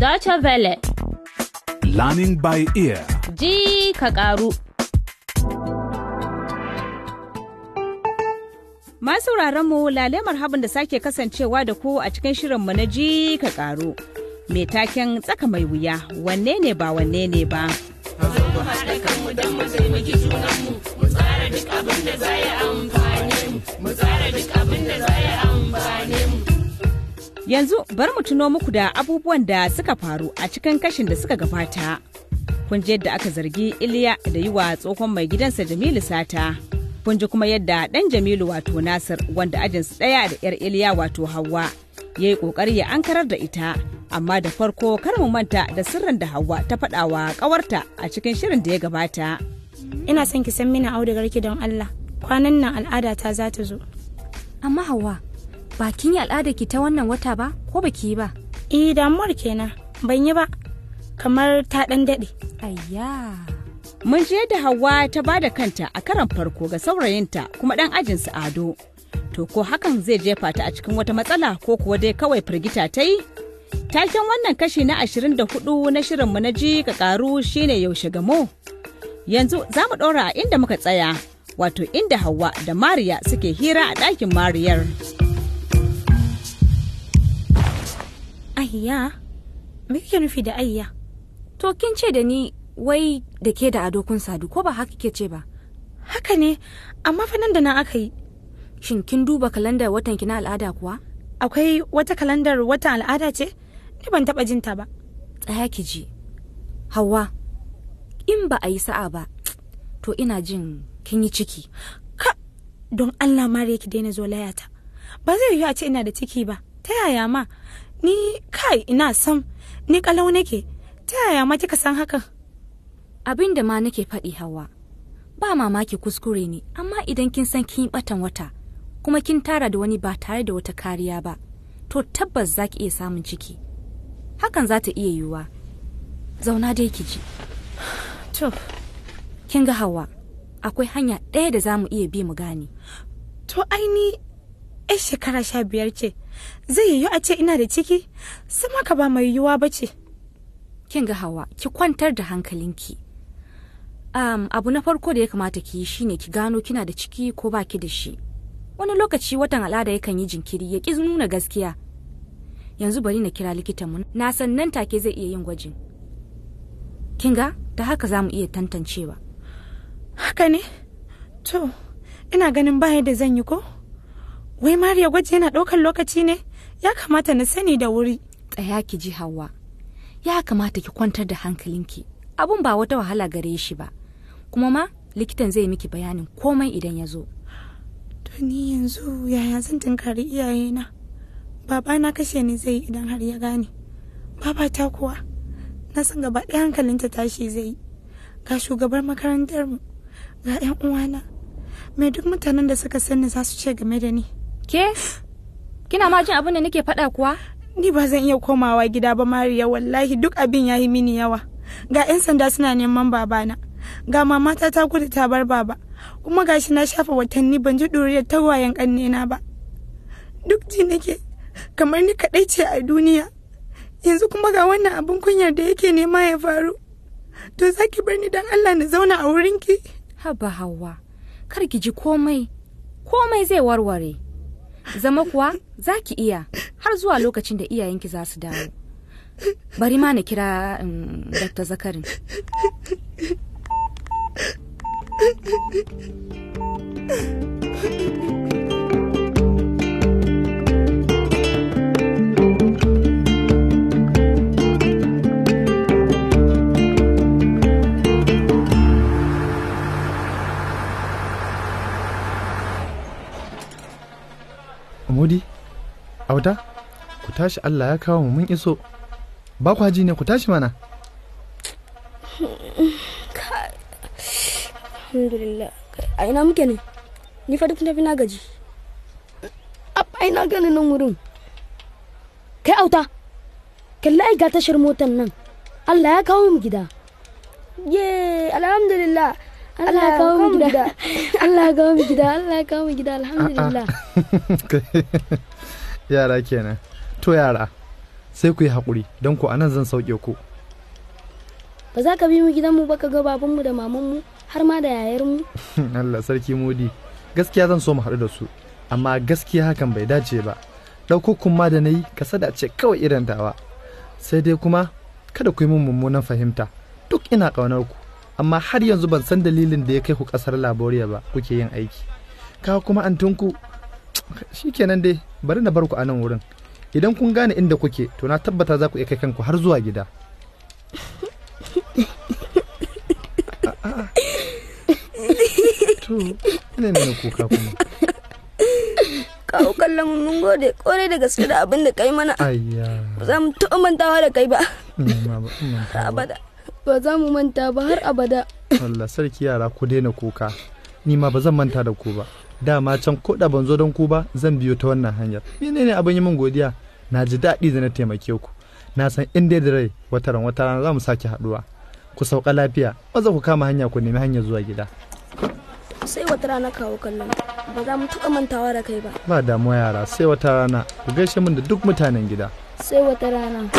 Dacha Vele. Learning by ear. Ji ka ƙaru. Masu mu lale marhaban da sake kasancewa da ku a cikin shirinmu na ji ka ƙaru. Mai taken tsaka mai wuya, wanne ne ba wanne ne ba. Mu haɗa kanmu don mu taimaki junanmu, mu tsara duk abin da za yi amfani. Yanzu bari mu tuno muku da abubuwan da suka faru a cikin kashin da suka gabata. Kun ji yadda aka zargi Iliya da yi wa tsohon mai gidansa Jamilu sata. Kun ji kuma yadda ɗan Jamilu wato Nasir wanda ajinsu ɗaya da 'yar Iliya wato Hawwa ya yi ƙoƙari ya ankarar da ita. Amma da farko kar mu manta da sirrin da Hawwa ta faɗawa ƙawarta a cikin shirin da ya gabata. Ina son ki san mini ki don Allah. Kwanan nan al'ada ta za ta zo. Amma Hawwa, ba kin yi al'ada ki ta wannan wata ba ko ba ki yi ba eh damuwar kenan ban yi ba kamar ta dan daɗe ayya mun je da hawa ta bada kanta a karan farko ga saurayinta kuma ɗan ajin su ado to ko hakan zai jefa ta a cikin wata matsala ko kuwa dai kawai firgita ta yi taken wannan kashi na 24 na shirin mu na ji ka karu shine yaushe gamo yanzu za mu ɗora a inda muka tsaya wato inda hawa da mariya suke hira a ɗakin mariyar. Ahiya? Me kike nufi da ayya? To kin ce da ni wai da ke da ado kun sadu ko ba haka kike ce ba? Haka ne, amma fa nan da nan aka yi. Shin kin duba kalandar watan ki na al'ada kuwa? Akwai wata kalandar watan al'ada ce? Ni ban taba jinta ba. Tsaya ki ji. Hawa, in ba a yi sa'a ba, to ina jin kin yi ciki. Ka don Allah mare ki daina zo layata. Ba zai yi a ce ina da ciki ba. Ta yaya ma? Ni kai ina san ni kalau nake, ta yaya ma kika san hakan? Abin da ma nake faɗi hawa, ba mamaki kuskure ne, amma idan kin san kin batan wata, kuma kin tara da wani ba tare da wata kariya ba, to tabbas za ki iya samun ciki. Hakan za ta iya yiwuwa. Zauna dai ki ji. To, kin ga hawa, akwai hanya ɗaya da za mu iya bi mu gane. To, aini, 'yan shekara sha biyar ce, zai yiwu a ce ina da ciki sama ka ba mai yiwuwa ba ce kin ga hawa ki kwantar da hankalinki um, abu na farko da ya kamata ki yi shine ki gano kina da ciki ko ba ki da shi wani lokaci watan al'ada yakan yi jinkiri ya ƙi nuna gaskiya yanzu bari na kira likitanmu na san nan take zai iya yin gwajin kin ga ta haka za mu iya tantancewa haka ne to ina ganin baya da zan yi ko Wai Mariya gwaji yana ɗaukar lokaci ne? Ya kamata na sani da wuri. Tsaya ki ji hawa Ya kamata ki kwantar da hankalinki. Abun ba wata wahala gare shi ba. Kuma ma likitan zai miki bayanin komai idan ya zo. To ni yanzu yaya zan tunkari iyayena? Baba na kashe ni zai idan har ya gane. Baba ta kuwa na san gaba ɗaya hankalin ta tashi zai yi. Ga shugabar makarantar mu, ga 'yan uwana. mai duk mutanen da suka sani za su ce game da ni? Ke? Kina ma jin abin da nake faɗa kuwa? Ni ba zan iya komawa gida ba Mariya wallahi duk abin ya yi mini yawa. Ga 'yan sanda suna neman babana. Ga mamata ta gudu ta bar baba. Kuma gashi na shafa watanni ban ji ta wayan ƙannena ba. Duk ji nake kamar ni kaɗai ce a duniya. Yanzu kuma ga wannan abin kunyar da yake nema ya faru. To zaki bar ni don Allah na zauna a wurin ki. Haba hawa, kar ki ji komai, komai zai warware. zama kuwa za ki iya har zuwa lokacin da iyayenki za su dawo bari ma na kira um, dr zakarin tashi Allah ya kawo mu mun iso ba kwa ji ne ku tashi mana alhamdulillah a ina muke ne ni fa duk tafi na gaji ai ina gani nan wurin kai auta kalla ai ga tashar motan nan Allah ya kawo mu gida ye alhamdulillah Allah ya kawo mu gida Allah ya kawo mu gida Allah ya ah. kawo mu gida alhamdulillah yara kenan to yara sai ku yi haƙuri don ku anan zan sauke ku ba za ka bi mu gidanmu ba ka ga babanmu da mamanmu har ma da yayarmu Allah sarki modi gaskiya zan so mu haɗu da su amma gaskiya hakan bai dace ba ɗauko ma da na yi ka sada ce kawai irin tawa sai dai kuma kada ku yi min mummunan fahimta duk ina ƙaunar ku amma har yanzu ban san dalilin da ya kai ku ƙasar laboriya ba kuke yin aiki kawo kuma antunku shikenan dai bari na bar ku a nan wurin idan kun gane inda kuke to na tabbata za ku iya kai kanku har zuwa gida kawo kallon mun gode kore da gaske da abin da kai mana ba za mu taɓa mantawa da kai ba abada ba za mu manta ba har abada Allah sarki yara ku daina kuka ni ma ba zan manta da ku ba dama can ko da ban zo don ku ba zan biyo ta wannan hanyar ne abin yi min godiya na ji daɗi da na taimake ku na san in dai da rai wataran wataran za mu sake haɗuwa ku sauka lafiya maza ku kama hanya ku nemi hanyar zuwa gida sai wata rana kawo kallon ba za mu taɓa mantawa da kai ba ba damuwa yara sai wata rana ku gaishe min da duk mutanen gida sai wata rana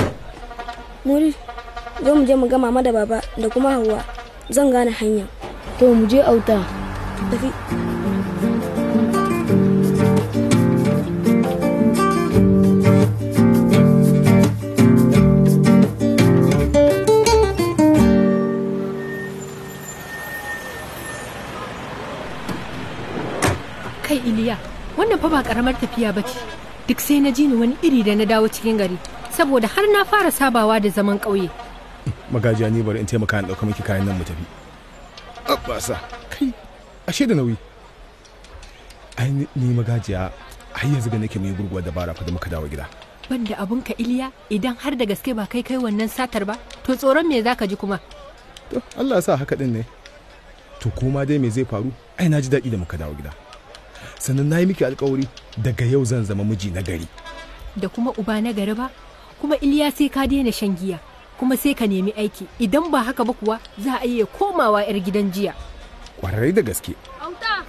muri zo mu je mu ga mama da baba da kuma hawa zan gane hanya to mu je auta Tapi kai iliya wannan fa ba ƙaramar tafiya ba ce duk sai na ji ni wani iri da na dawo cikin gari saboda har na fara sabawa da zaman ƙauye magajiya ni bari in taimaka in ɗauka miki kayan nan mu tafi ba sa ashe da nauyi ai ni magajiya ai yanzu ga nake mai gurguwa dabara fa da muka dawo gida ban da abun ka iliya idan har da gaske ba kai kai wannan satar ba to tsoron me zaka ji kuma to Allah sa haka din ne to koma dai me zai faru ai na ji daɗi da muka dawo gida sannan na yi miki alkawari daga yau zan zama miji na gari da kuma uba na gari ba kuma iliya sai ka daina shan giya kuma sai ka nemi aiki idan ba haka ba kuwa za a iya komawa 'yar gidan jiya kwarai da gaske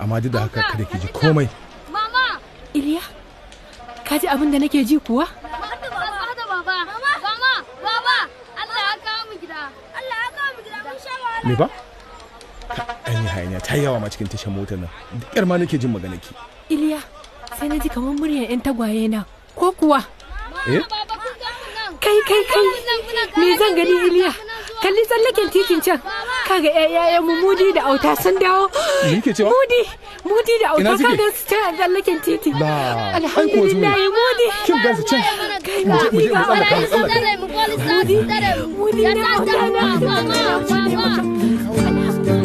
amma duk da haka kada ki ji komai mama iliya ka ji abin da nake ji kuwa me ba an yi hanya ta yawa ma cikin tashar motar nan duk ma nake jin magana ki iliya sai na ji kamar muryar yan tagwaye na ko kuwa eh? kai kai kai me zan gani iliya kalli tsallaken titin can ka kaga yayan mu mudi da auta sun dawo mudi mudi da auta ka ga su ta tsallakin titi alhamdulillah mudi kin gansu can kai ma mu je mu tsallaka mu tsallaka mudi mudi na auta na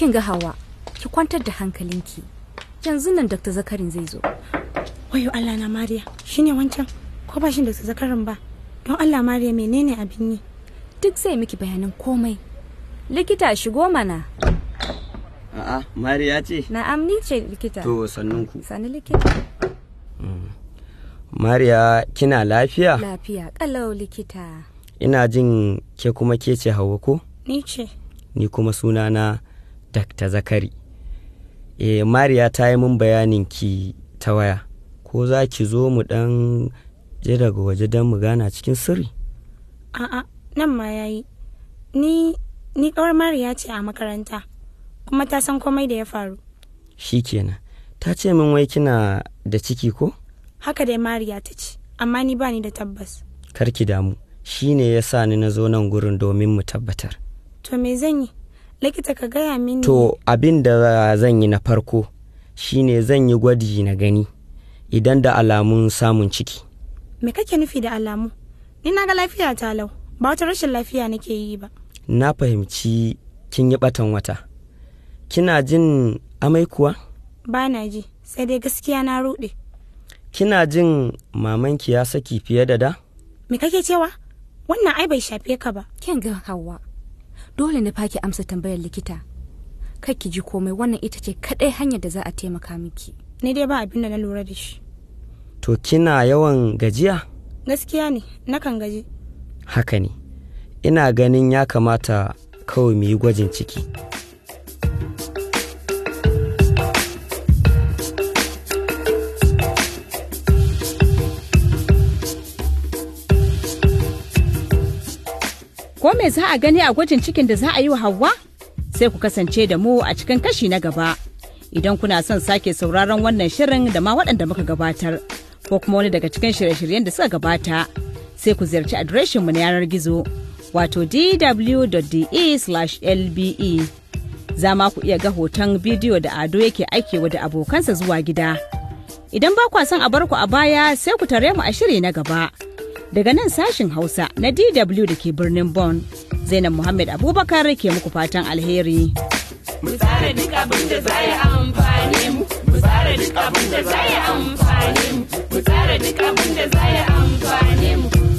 Kin ga Hawa, ki kwantar da hankalinki. Yanzu nan Dr. Zakarin zai zo. Wayo Allah na Mariya, shine wancan ko ba shi Dr. Zakarin ba? Don Allah Mariya menene abin yi? Duk zai miki bayanin komai. Likita shigo mana. A'a, Mariya ce? Na'am amni ce likita. To sannun ku. Sani likita. Mm. Mariya kina lafiya? Lafiya, kalau likita. Ina jin ke kuma ke ce hawa ko? Ni ce. Ni kuma sunana Dr. Zakari. E, Mariya ta yi min bayanin ki ta waya, ko za ki zo mu ɗan je daga waje don mu gana cikin sirri? A'a, nan ma ya yi. Ni, ni ƙawar Mariya ce a makaranta, kuma ta san komai da ya faru. Shi kenan, ta ce min wai kina da ciki ko? Haka dai Mariya ta ce, amma ni ba ni da tabbas. Karki damu, shi ne ya sa ni na zo nan gurin domin mu tabbatar. To me zan yi? likita ka gaya mini to abin da zan yi na farko shine zan yi gwaji na gani idan da alamun samun ciki me kake nufi da alamu ni na ga lafiya ta lau ba wata rashin lafiya nake yi ba na fahimci kin yi batan wata kina jin amai kuwa ba na ji sai dai gaskiya na ruɗe kina jin mamanki ya saki fiye da da me kake cewa wannan ai bai shafe ka ba kin ga hawa dole ne faki amsa tambayar likita kai ki ji komai wannan ita ce kadai hanyar da za a taimaka miki ni dai ba abin da na lura da shi to kina yawan gajiya gaskiya ne nakan gaji haka ne ina ganin ya kamata kawai mu yi gwajin ciki Ko me za a gani a gwajin cikin da za a yi wa Hauwa? Sai ku kasance da mu a cikin kashi na gaba. Idan kuna son sake sauraron wannan shirin da ma waɗanda muka gabatar, ko kuma wani daga cikin shirye-shiryen da suka gabata, sai ku ziyarci adireshin mu na yanar gizo, wato dw.de/lbe. E. Za ma ku iya ga hoton bidiyo da Ado yake aikewa da abokansa zuwa gida. Idan ba kwa son a bar ku a baya sai ku tare mu a shiri na gaba. Daga nan sashin Hausa na DW da ke birnin Bonn, Zainab Muhammad Abubakar ke muku fatan alheri. Mu tsara duk abin da za ya amfane mu, mu tsara duk abin da za ya amfane mu, mu tsara duk abin da za ya amfane mu.